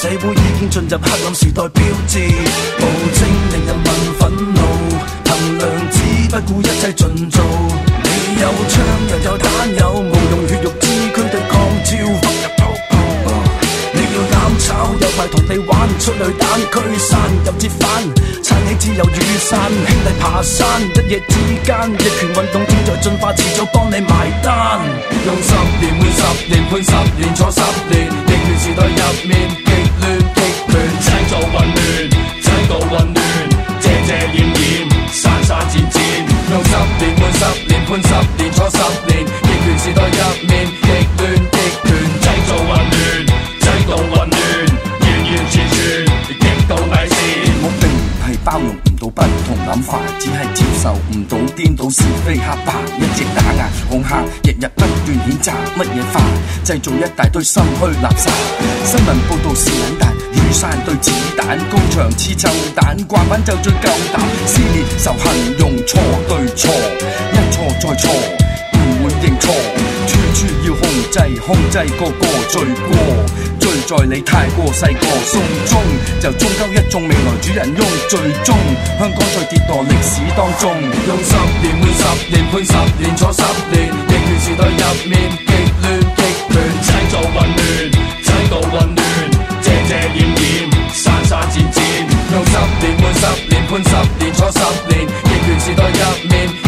社會已經進入黑暗時代標誌，標誌暴政令人民憤怒，憑良知不顧一切盡做。你有槍，又有彈，有無用血肉之軀的抗招落入泡泡。你要攬炒，有牌同你玩，出淚彈，驅散又折返，撐起自由雨傘，兄弟爬山，一夜之間一拳運動正在進化，遲早幫你埋單。用十年換十年，換十年,十年,十年坐十年。極權時代入面極亂極亂，製造混亂製造混亂，遮遮掩掩，刪刪剪剪，用十年換十年判十年坐十年，極權時代入面。倒顛倒是非黑白，一直打壓恐嚇，日日不斷譴責，乜嘢花？製造一大堆心虛垃圾。新聞報導是冷淡，雨傘對子彈，高牆黐臭蛋，掛板就最夠膽撕裂仇恨用，用錯對錯，一錯再錯，唔會認錯，處處要控制，控制個個罪過。醉在你太過世個，過送終就終究一眾未來主人翁。最終香港在跌墮歷史當中，用十年換十年，判十年坐十年，極權時代入面極亂極亂，製造混亂，製造混亂，遮遮掩掩，散散漸漸。用十年換十年，判十年坐十年，極權時代入面。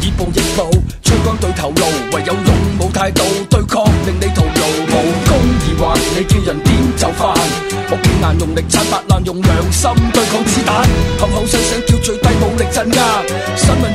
以暴易暴，錯幹對頭路，唯有勇武態度對抗，令你徒勞無功而還。你叫人點就範？犯？用眼用力七白難，用良心對抗子彈，口口聲聲叫最低武力鎮壓。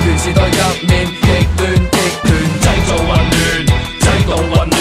亂時代入面，極亂極亂，製造混亂，製造混亂。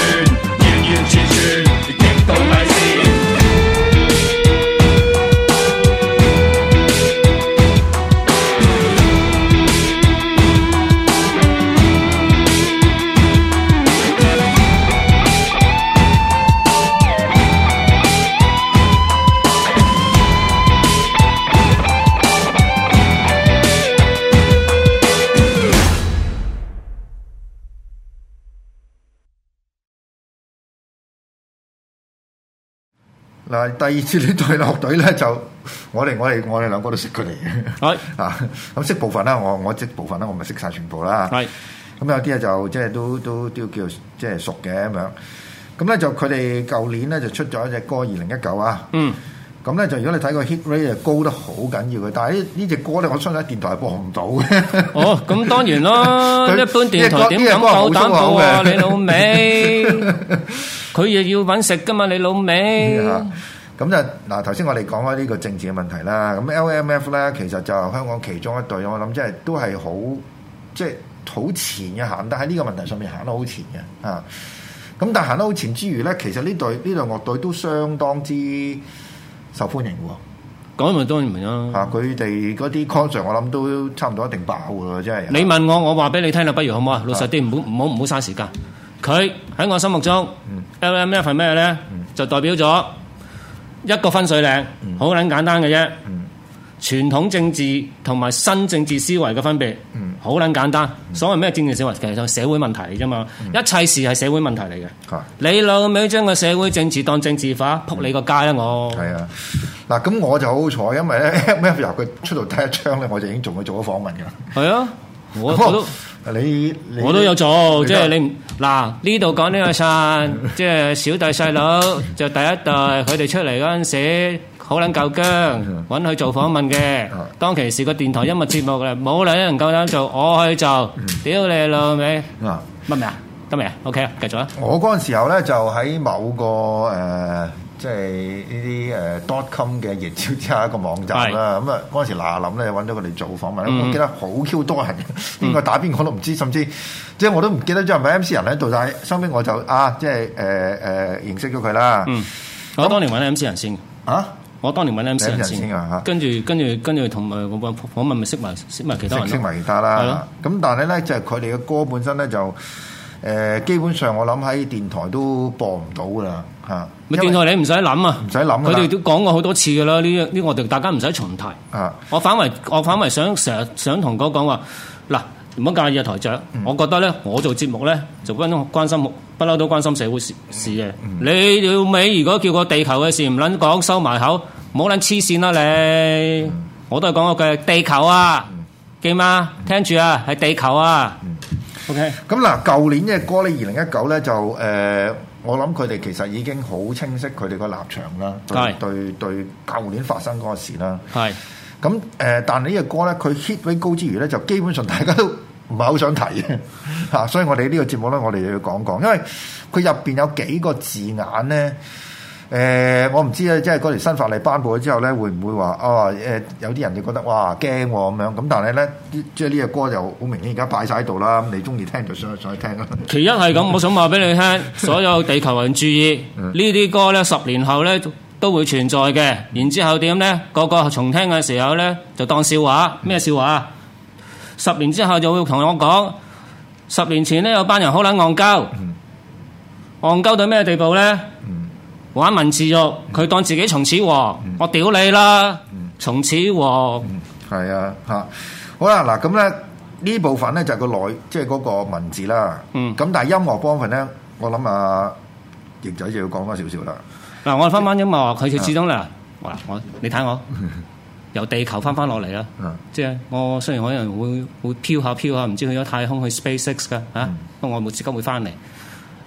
嗱，第二次呢隊樂隊咧就我哋我哋我哋兩個都識佢嚟嘅，係啊，咁識部分啦，我我識部分啦，我咪識晒全部啦。係咁有啲嘢就即係都都都叫即係熟嘅咁樣。咁咧就佢哋舊年咧就出咗一隻歌二零一九啊。嗯。咁咧就如果你睇個 hit rate 係高得好緊要嘅，但係呢呢隻歌咧我相信喺電台係播唔到嘅。哦，咁當然啦，一般電台點敢夠膽播啊？你老味。佢又要揾食噶嘛，你老味。咁、嗯嗯、就嗱，頭先我哋講開呢個政治嘅問題啦。咁 L M F 咧，其實就香港其中一隊，我諗即係都係好即係好前嘅行，但喺呢個問題上面行得好前嘅啊。咁但行得好前之餘咧，其實呢隊呢隊樂隊都相當之受歡迎嘅喎。講咪當然明啦。啊，佢哋嗰啲 concert 我諗都差唔多一定爆嘅即係。就是、你問我，我話俾你聽啦，不如好唔好啊？是老實啲，唔好唔好唔好嘥時間。佢喺我心目中，LMF 係咩咧，M 呢嗯、就代表咗一個分水嶺，好捻、嗯、簡單嘅啫。傳、嗯、統政治同埋新政治思維嘅分別，好捻、嗯、簡單。嗯、所謂咩政治思維，其實就社會問題嚟啫嘛。一切事係社會問題嚟嘅。嗯、你老味將個社會政治當政治化，扑你個街啊！我係啊，嗱咁我就好彩，因為咧咩由佢出到第一張咧，我就已經做咗做咗訪問噶。係啊，我都。 我都有做，即係你唔嗱呢度講呢個散，即係小弟細佬就第一代，佢哋出嚟嗰陣時好捻夠薑，揾佢做訪問嘅。當其時個電台音樂節目嘅，冇人夠膽做，我去做，屌你老味。啊乜嘢啊？得未啊？O K 啊？繼續啊！我嗰陣時候咧就喺某個誒。即係呢啲誒 dotcom 嘅熱潮之下一個網站啦，咁啊嗰陣時嗱嗱諗咧揾到佢哋做訪問，我記得好 Q 多人，邊個打邊個都唔知，甚至即係我都唔記得咗係咪 MC 仁喺度，但係後尾我就啊即係誒誒認識咗佢啦。嗯、那我當年揾 MC 仁先啊，我當年揾 MC 仁先、啊。跟住跟住跟住同誒訪訪問咪識埋識埋其他人，識埋其他啦。咁但係咧即係佢哋嘅歌本身咧就。誒，基本上我諗喺電台都播唔到噶啦吓。咪電台你唔使諗啊，唔使諗。佢哋都講過好多次噶啦，呢、這、樣呢，我哋大家唔使重提。啊，我反為我反為想成日想同哥講話嗱，唔好介意台長。我覺得咧，我做節目咧，就不關心不嬲都關心社會事事嘅。嗯嗯、你屌尾如果叫個地球嘅事唔捻講，收埋口，唔好捻黐線啦你。嗯、我都係講我句地球啊，記嘛？聽住啊，喺地球啊。嗯嗯 OK，咁嗱，舊年隻歌咧，二零一九咧就誒、呃，我諗佢哋其實已經好清晰佢哋個立場啦，對對的對，舊年發生嗰個事啦。係的，咁誒、呃，但係呢隻歌咧，佢 hit 比高之餘咧，就基本上大家都唔係好想提嘅嚇， 所以我哋呢個節目咧，我哋又要講講，因為佢入邊有幾個字眼咧。誒，我唔知咧，即係嗰條新法例頒布咗之後咧，會唔會話啊？誒，有啲人就覺得哇，驚喎咁樣。咁但係咧，即係呢個歌就好明顯，而家擺晒喺度啦。咁你中意聽就上去上聽啦。其一係咁，我想話俾你聽，所有地球人注意，呢啲歌咧十年後咧都會存在嘅。然之後點咧？個個重聽嘅時候咧，就當笑話。咩笑話？十年之後就會同我講，十年前呢，有班人好撚戇鳩，戇鳩到咩地步咧？玩文字獄佢當自己從此亡，嗯、我屌你啦！從、嗯、此亡，係、嗯、啊吓、啊，好啦嗱，咁咧呢部分咧就係個內即係嗰個文字啦。嗯，咁但係音樂部分咧，我諗啊，翼仔就要講翻少少啦。嗱、嗯，我哋翻翻音樂，佢就始終啦。嗱、嗯，我你睇我、嗯、由地球翻翻落嚟啦。嗯、即係我雖然可能會會飄下飄下，唔知去咗太空去 SpaceX 噶、啊、吓，不過我冇資金會翻嚟。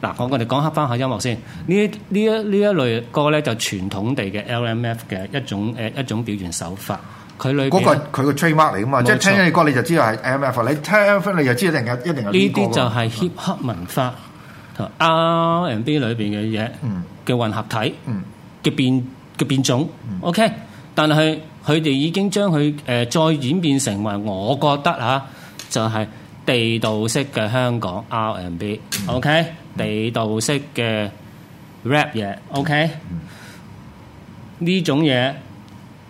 嗱，我我哋講黑翻下音樂先。呢呢一呢一類歌咧，那個、就傳統地嘅 L M F 嘅一種誒一種表現手法。佢裏邊佢個 trademark 嚟噶嘛，冇錯即係聽呢啲歌你就知道係 L M F。你聽 L M F 你就知道一定一定有一定有呢啲就係 Hip Hop 文化、嗯、R M B 裏邊嘅嘢嘅混合體嘅、嗯、變嘅變種。嗯、OK，但係佢哋已經將佢誒再演變成為，我覺得嚇就係、是、地道式嘅香港 R M B okay?、嗯。OK。地道式嘅 rap 嘢，OK？呢、嗯、種嘢，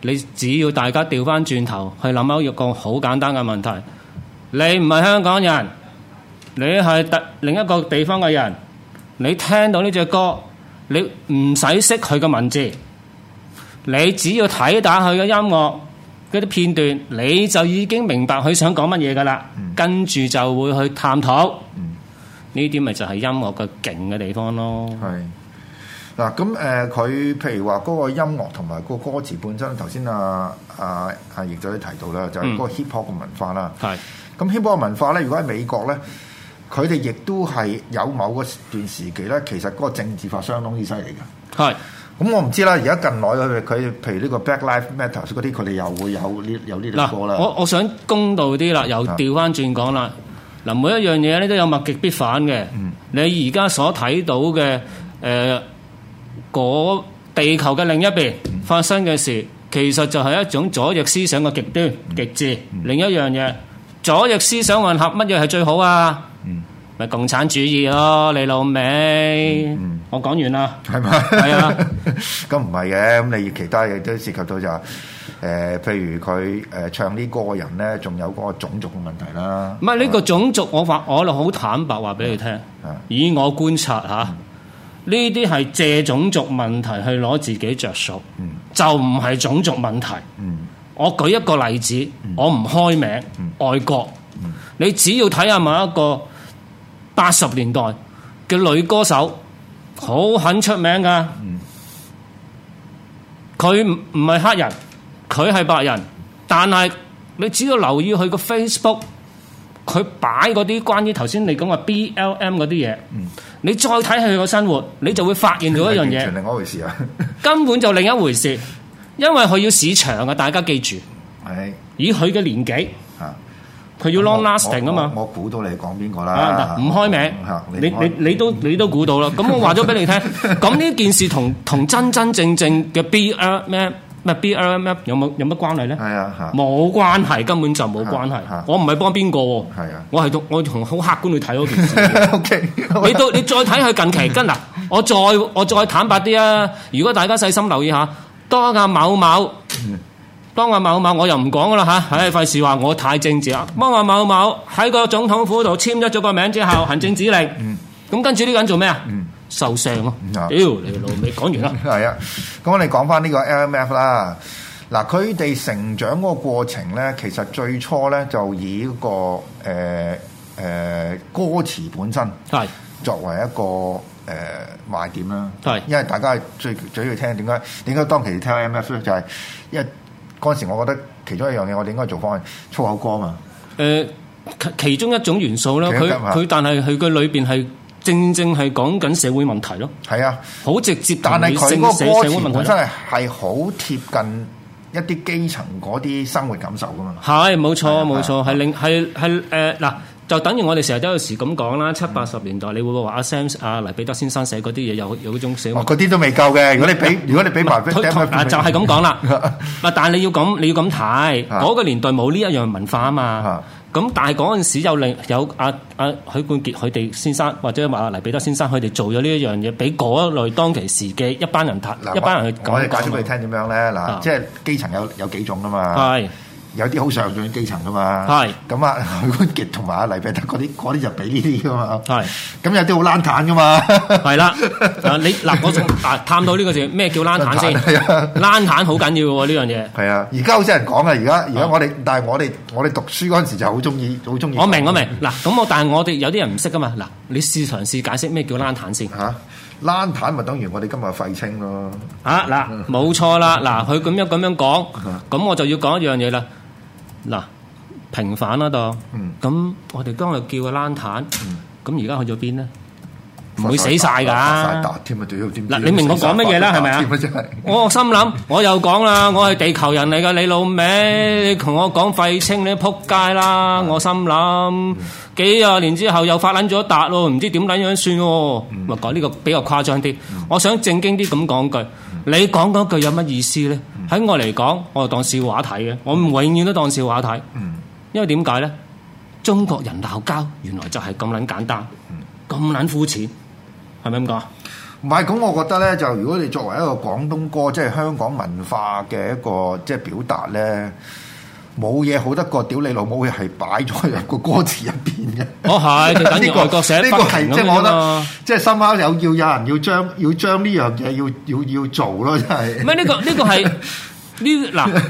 你只要大家調翻轉頭去諗，有一個好簡單嘅問題：你唔係香港人，你係特另一個地方嘅人，你聽到呢隻歌，你唔使識佢嘅文字，你只要睇打佢嘅音樂嗰啲片段，你就已經明白佢想講乜嘢噶啦。嗯、跟住就會去探討。嗯呢啲咪就係音樂嘅勁嘅地方咯。係嗱咁誒，佢、呃、譬如話嗰個音樂同埋個歌詞本身，頭先啊啊啊翼仔都提到啦，就係、是、嗰個 hip hop 嘅文化啦。係咁、嗯、hip hop 嘅文化咧，如果喺美國咧，佢哋亦都係有某個段時期咧，其實嗰個政治化相當之犀利嘅。係咁是 我唔知啦，而家近來佢、佢譬如呢個 Black Lives Matter 嗰啲，佢哋又會有呢是有呢類歌啦。我、我想公道啲啦，又調翻轉講啦。是嗱，每一樣嘢咧都有物極必反嘅。嗯、你而家所睇到嘅誒，嗰、呃、地球嘅另一邊發生嘅事，嗯、其實就係一種左翼思想嘅極端、嗯、極致。嗯、另一樣嘢，嗯、左翼思想混合乜嘢係最好啊？嗯咪共產主義咯，你老味，我講完啦。係咪？係啊，咁唔係嘅，咁你其他嘢都涉及到就誒，譬如佢誒唱呢個歌嘅人咧，仲有嗰個種族嘅問題啦。唔係呢個種族，我發我就好坦白話俾你聽。嗯，以我觀察嚇，呢啲係借種族問題去攞自己着數，就唔係種族問題。嗯，我舉一個例子，我唔開名，愛國，你只要睇下某一個。八十年代嘅女歌手好肯出名噶，佢唔唔係黑人，佢係白人，但係你只要留意佢個 Facebook，佢擺嗰啲關於頭先你講嘅 B L M 嗰啲嘢，嗯、你再睇佢個生活，你就會發現到一樣嘢，另外一回事啊，根本就另一回事，因為佢要市場啊！大家記住，以佢嘅年紀。佢要 long lasting 啊嘛！我估到你講邊個啦？唔開名，你你你都你都估到啦。咁我話咗俾你聽，咁呢件事同同真真正正嘅 BL 咩咩 BLM 有冇有乜關係咧？係啊，冇關係，根本就冇關係。我唔係幫邊個喎，我係同我同好客觀去睇嗰件事。OK，你都你再睇佢近期跟嗱，我再我再坦白啲啊！如果大家細心留意下，多阿某某。當阿某某我又唔講噶啦嚇，唉費事話我太正治啊！當阿某某喺個總統府度簽咗咗個名之後， 行政指令，咁、嗯、跟住呢個人做咩、嗯、啊？受傷咯！屌、嗯，你老味講完啦。係啊， 咁我哋講翻呢個 L M F 啦。嗱，佢哋成長嗰個過程咧，其實最初咧就以個誒誒、呃呃、歌詞本身係作為一個誒、呃、賣點啦。係的，因為大家最最要聽點解點解當期聽 M F 咧，就係、是、因為。嗰時我覺得其中一樣嘢，我哋應該做返粗口歌嘛？誒、呃，其中一種元素咧，佢佢但係佢嘅裏邊係正正係講緊社會問題咯。係啊，好直接社。但係佢嗰個歌詞真係係好貼近一啲基層嗰啲生活感受㗎嘛？係冇錯冇錯，係另係係誒嗱。錯就等於我哋成日都有時咁講啦，七八十年代，你會唔會話阿 Sam 阿黎彼得先生寫嗰啲嘢有有嗰種寫？哦，嗰啲都未夠嘅。如果你俾如果你俾埋，就係咁講啦。唔但係你要咁你要咁睇，嗰個年代冇呢一樣文化啊嘛。咁但係嗰陣時有另有阿阿許冠傑佢哋先生或者話阿黎彼得先生佢哋做咗呢一樣嘢，俾嗰類當其時嘅一班人睇，一班人去講，解釋俾你聽點樣咧？嗱，即係基層有有幾種噶嘛？係。有啲好上進，基層噶嘛？係咁啊，許冠傑同埋阿黎彼得嗰啲，嗰啲就俾呢啲噶嘛。係咁有啲好冷淡噶嘛。係啦，啊你嗱，我仲啊探到呢個事，咩叫冷淡先？冷淡好緊要喎呢樣嘢。係啊，而家好少人講啊。而家而家我哋，但係我哋我哋讀書嗰陣時就好中意好中意。我明我明嗱，咁我但係我哋有啲人唔識噶嘛嗱，你試嘗試解釋咩叫冷淡先嚇？冷淡咪等於我哋今日廢青咯。啊嗱，冇錯啦嗱，佢咁樣咁樣講，咁我就要講一樣嘢啦。嗱，平反嗰度，咁我哋當日叫個冷炭，咁而家去咗邊呢？唔會死晒噶，嗱，你明我講乜嘢啦？係咪啊？我心諗，我又講啦，我係地球人嚟噶，嗯、 你老味，同我講廢青，你仆街啦！我心諗，幾廿年之後又發捻咗一笪咯，唔知點捻樣算喎？咪講呢個比較誇張啲，我想正經啲咁講句。你講嗰句有乜意思呢？喺、嗯、我嚟講，我就當笑話睇嘅，我永遠都當笑話睇。嗯、因為點解呢？中國人鬧交，原來就係咁撚簡單，咁撚、嗯、膚淺，係咪咁講？唔係，咁我覺得呢，就如果你作為一個廣東歌，即係香港文化嘅一個即係表達呢。冇嘢好得過，屌你老母！又係擺咗入個歌詞入邊嘅。哦，係，等於外國寫呢、這個係即係我覺得，啊、即係心啱有要有人要將要將呢樣嘢要要要做咯，真係、這個。唔係呢個呢、 這個係呢嗱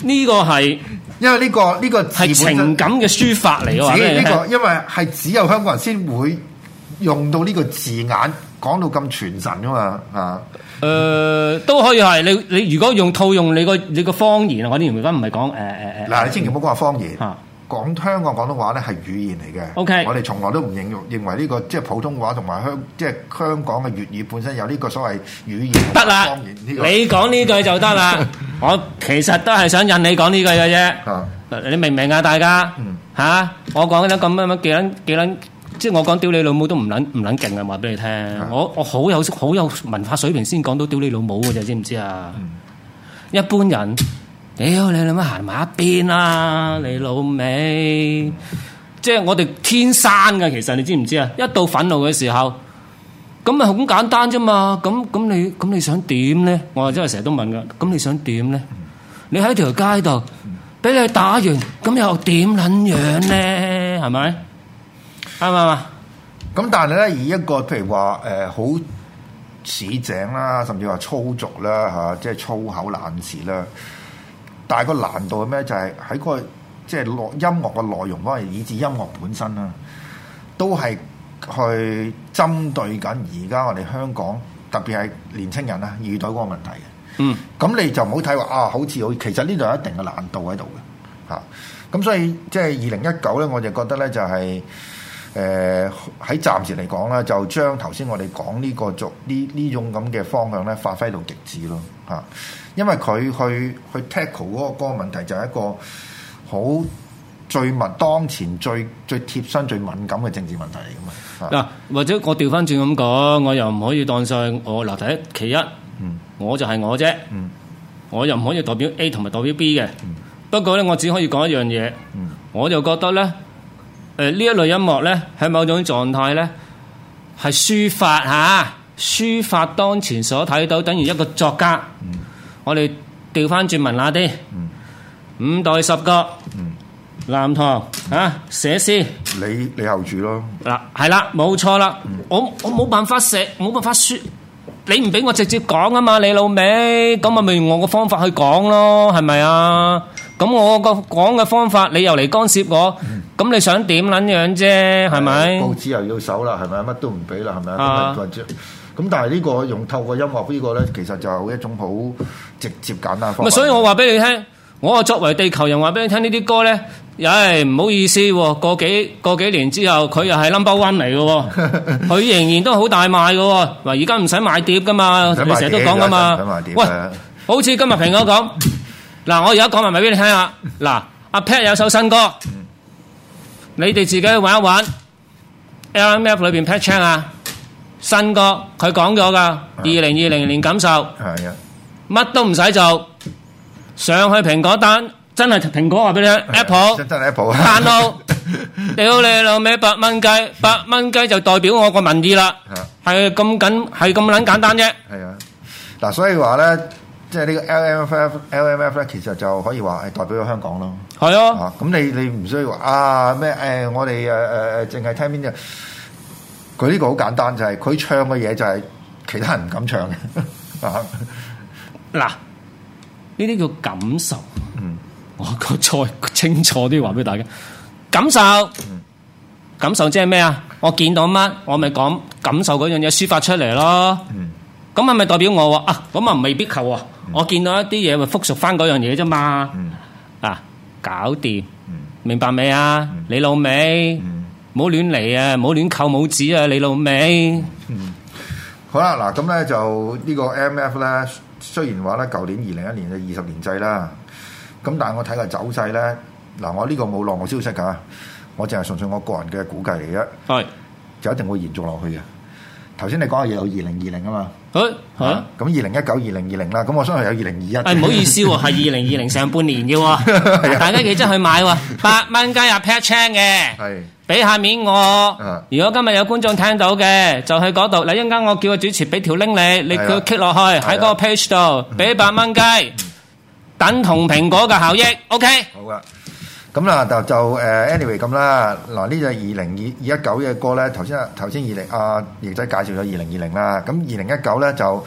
呢個係、這個，因為呢個呢個係情感嘅抒發嚟嘅。呢個因為係只有香港人先會。用到呢個字眼，講到咁傳神啊嘛，吓、嗯呃，誒都可以係你你如果用套用你個你個方言，我哋而家唔係講誒誒誒，嗱、呃呃、 你千祈唔好講話方言，講香港廣東話咧係語言嚟嘅，O K，我哋從來都唔認認為呢個即係普通話同埋香即係香港嘅粵語本身有呢個所謂語言,言，得啦了，這個、你講呢句就得啦， 我其實都係想引你講呢句嘅啫，啊、你明唔明啊大家，吓、嗯啊，我講得咁乜乜幾捻幾捻。即係我講屌你老母都唔撚唔撚勁啊！話俾你聽，我的我好有好有文化水平先講到屌你老母嘅啫，知唔知啊？嗯、一般人屌、哎、你老母行埋一邊啦、啊，你老味，即係我哋天生嘅其實，你知唔知啊？一到憤怒嘅時候，咁咪好簡單啫嘛！咁咁你咁你想點咧？我真係成日都問噶，咁你想點咧？你喺條街度俾你打完，咁又點撚樣咧？係咪？啱啱啊？咁 但係咧，以一個譬如話誒、呃、好市井啦，甚至話粗俗啦，吓、啊、即係粗口爛舌啦。但係個難度係咩就係、是、喺、那個即係樂音樂嘅內容方面，以至音樂本身啦，都係去針對緊而家我哋香港，特別係年青人啊遇到嗰個問題嘅。嗯。咁你就唔好睇話啊，好似好，其實呢度有一定嘅難度喺度嘅吓。咁、啊、所以即係二零一九咧，我就覺得咧就係、是。誒喺、呃、暫時嚟講咧，就將頭先我哋講呢個逐呢呢種咁嘅方向咧，發揮到極致咯嚇。因為佢去去 tackle 嗰個嗰個問題，就係一個好最密當前最最貼身最敏感嘅政治問題嚟噶嘛。嗱，或者我調翻轉咁講，我又唔可以當上我立體。其一，嗯，我就係我啫，嗯，我又唔可以代表 A 同埋代表 B 嘅，嗯、不過咧，我只可以講一樣嘢，嗯，我就覺得咧。誒呢一類音樂咧，喺某種狀態咧，係抒發嚇，抒發當前所睇到，等於一個作家。嗯、我哋調翻轉文雅啲，嗯、五代十國，南唐嚇，寫詩。你李後主咯。嗱、啊，係啦，冇錯啦。嗯、我我冇辦法寫，冇辦法說。你唔俾我直接講啊嘛，你老味。咁啊，咪用我個方法去講咯，係咪啊？咁我個講嘅方法，你又嚟干涉我？咁你想點捻樣啫？係咪？報紙又要手啦，係咪？乜都唔俾啦，係咪？咁但係呢個用透過音樂呢個咧，其實就係一種好直接簡單方法。咁所以我話俾你聽，我作為地球人話俾你聽，呢啲歌咧，唉唔好意思，過幾過幾年之後，佢又係 number one 嚟嘅，佢仍然都好大賣嘅。嗱，而家唔使買碟噶嘛，你成日都講噶嘛。喂，好似今日蘋果咁。嗱，我而家講埋咪俾你聽下。嗱，阿 Pat 有首新歌，你哋自己玩一玩，LMF 裏邊 Pat Chan 啊，新歌佢講咗噶，二零二零年感受，乜都唔使做，上去蘋果單，真係蘋果話俾你聽，Apple，hello，屌你老味，八蚊雞，八蚊雞就代表我個民意啦，係咁緊，係咁撚簡單啫。係啊，嗱，所以話咧。即係呢個 L M FF, F L M F 咧，其實就可以話係代表咗香港咯。係啊，咁、啊、你你唔需要話啊咩？誒、呃，我哋誒誒誒，淨、呃、係、呃、聽邊隻？佢呢個好簡單，就係、是、佢唱嘅嘢，就係其他人唔敢唱嘅。嗱、啊，呢啲叫感受。嗯，我再清楚啲話俾大家感受。嗯、感受即係咩啊？我見到乜，我咪講感受嗰樣嘢抒發出嚟咯。嗯。咁係咪代表我啊？咁啊未必扣啊！我見到一啲嘢咪複述翻嗰樣嘢啫嘛。啊，搞掂，明白未啊？你老味，唔好亂嚟啊！唔好亂扣帽子啊！你老味。好啦，嗱，咁咧就呢個 LMF 咧，雖然話咧舊年二零一年嘅二十年制啦，咁但係我睇下走勢咧，嗱，我呢個冇內幕消息噶，我淨係純粹我個人嘅估計嚟嘅，係就一定會延續落去嘅。頭先你講嘅嘢有二零二零啊嘛。好，咁、欸啊嗯嗯、二零一九、二零二零啦，咁、嗯、我相信有二零二一。係唔好意思、啊，係二零二零上半年嘅、啊， 大家記得去買喎、啊，八蚊雞入 Patreon 嘅，俾是下面我。如果今日有觀眾聽到嘅，就去嗰度，嗱，一陣間我叫個主持俾條 link 你，你佢 click 落去喺嗰的個 page 度，俾的八蚊雞， 等同蘋果嘅效益 ，OK？好嘅。咁啦，就就誒，anyway 咁啦。嗱，呢隻二零二二一九嘅歌咧。頭先頭先二零阿翼仔介紹咗二零二零啦。咁二零一九咧就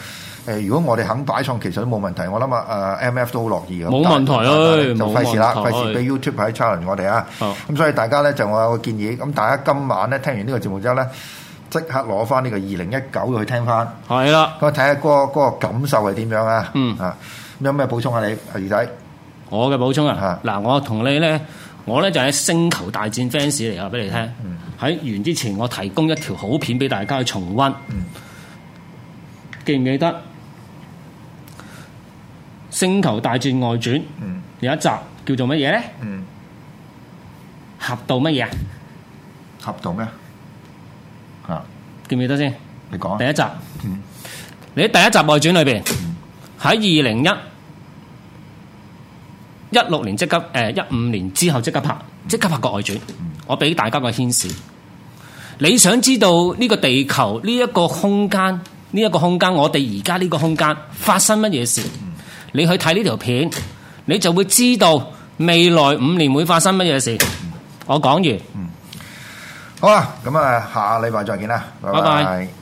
誒，如果我哋肯擺創，其實都冇問題。我諗啊，誒 LMF 都好樂意嘅。冇問題咯，就費事啦，費事俾 YouTube 喺 challenge 我哋啊。咁所以大家咧就我有個建議，咁大家今晚咧聽完呢個節目之後咧，即刻攞翻呢個二零一九去聽翻。係啦。咁睇下嗰嗰個感受係點樣啊？嗯。啊。有咩補充啊？你阿翼仔？我嘅補充啊。嚇。嗱，我同你咧。我咧就喺星球大戰 fans 嚟話俾你聽，喺、嗯、完之前我提供一條好片俾大家去重溫，嗯、記唔記得《星球大戰外傳》有、嗯、一集叫做乜嘢咧？俠盜乜嘢啊？俠盜咩啊？記唔記得先？你講第一集，嗯、你喺第一集外傳裏邊喺二零一。嗯一六年即刻，誒一五年之後即刻拍，嗯、即刻拍個外傳。嗯、我俾大家個提示，你想知道呢個地球呢一、呢個空間，呢、呢、一個空間我哋而家呢個空間發生乜嘢事，嗯、你去睇呢條片，你就會知道未來五年會發生乜嘢事。我講完，嗯嗯、好啦，咁啊，下禮拜再見啦，拜拜。拜拜。